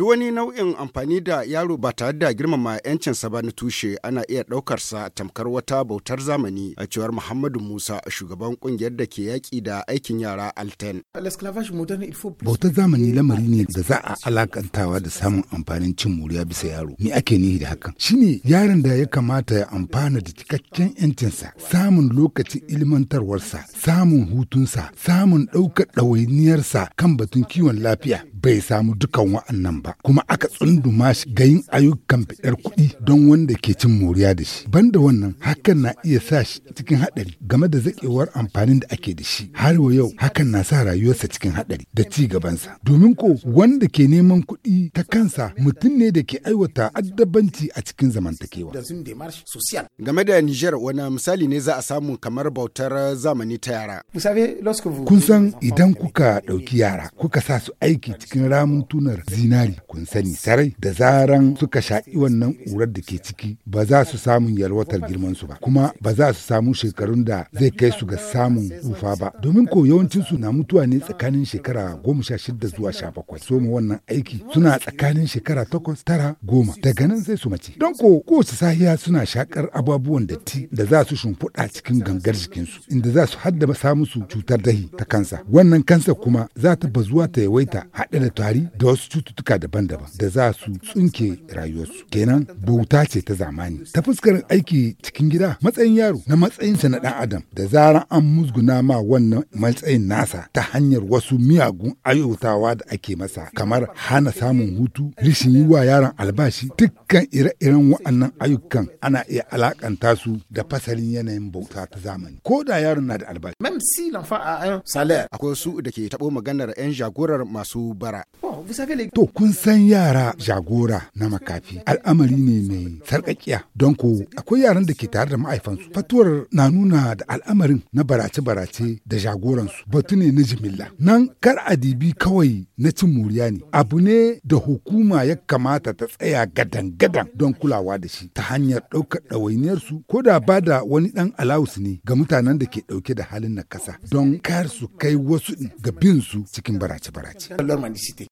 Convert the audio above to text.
Duk wani nau'in amfani da yaro ba tare da girmama 'yancinsa ba na tushe ana iya ɗaukarsa tamkar wata bautar zamani a cewar Muhammadu Musa shugaban kungiyar da ke yaƙi da aikin yara Alten. Bautar zamani lamari ne da za a alakantawa da samun amfanin cin moriya bisa yaro. Me ake nihi da hakan? Shine yaron da ya kamata ya amfana da cikakken 'yancinsa, samun lokacin ilmantarwarsa, samun hutunsa, samun ɗaukar ɗawainiyarsa kan batun kiwon lafiya, bai samu dukan wa'annan ba kuma aka tsunduma shi ga yin ayyukan fitar kuɗi don wanda ke cin moriya da shi banda wannan hakan na iya sa shi cikin haɗari game da zaƙewar amfanin da ake da shi har wa yau hakan na sa rayuwarsa cikin haɗari da ci gabansa domin ko wanda ke neman kuɗi ta kansa mutum ne da ke aiwata addabanci a cikin zamantakewa game da Niger wani misali ne za a samu kamar bautar zamani ta yara kun san idan kuka ɗauki yara kuka sa su aiki cikin ramin tunar zinari kun sani sarai da zaran suka sha'i wannan urar da ke ciki ba za su samu yalwatar su ba kuma ba za su samu shekarun da zai kai su ga samun tsufa ba domin ko yawancin su na mutuwa ne tsakanin shekara goma sha shida zuwa sha bakwai soma wannan aiki suna tsakanin shekara takwas tara goma daga nan sai su mace don ko kowace sahiya suna shakar ababuwan datti da za su shimfiɗa cikin gangar jikinsu inda za su haddaba su cutar dahi ta kansa wannan kansa kuma za ta bazuwa ta yawaita haɗin da tari da wasu cututtuka daban-daban da za su tsunke rayuwarsu kenan bauta ce ta zamani ta fuskar aiki cikin gida matsayin yaro na matsayinsa na dan adam da zaran an musguna ma wannan matsayin nasa ta hanyar wasu miyagun ayyutawa da ake masa kamar hana samun hutu rishin yi wa yaron albashi dukkan ire-iren wa'annan ayyukan ana iya alakanta su da fasalin yanayin bauta ta zamani ko da yaron na da albashi akwai su da ke taɓo maganar 'yan jagorar masu ba bara. To kun san yara jagora na makafi al'amari ne mai sarƙaƙiya don ko akwai yaran da ke tare da ma'aifansu. Fatuwar na nuna da al'amarin na barace-barace da jagoransu batu ne na jimilla. Nan kar adibi kawai na cin muriya ne abu ne da hukuma ya kamata ta tsaya gadan-gadan don kulawa da shi ta hanyar ɗaukar ɗawainiyarsu ko da ba da wani ɗan alawus ne ga mutanen da ke ɗauke da halin na kasa don kar su kai wasu ga bin su cikin barace-barace. visité.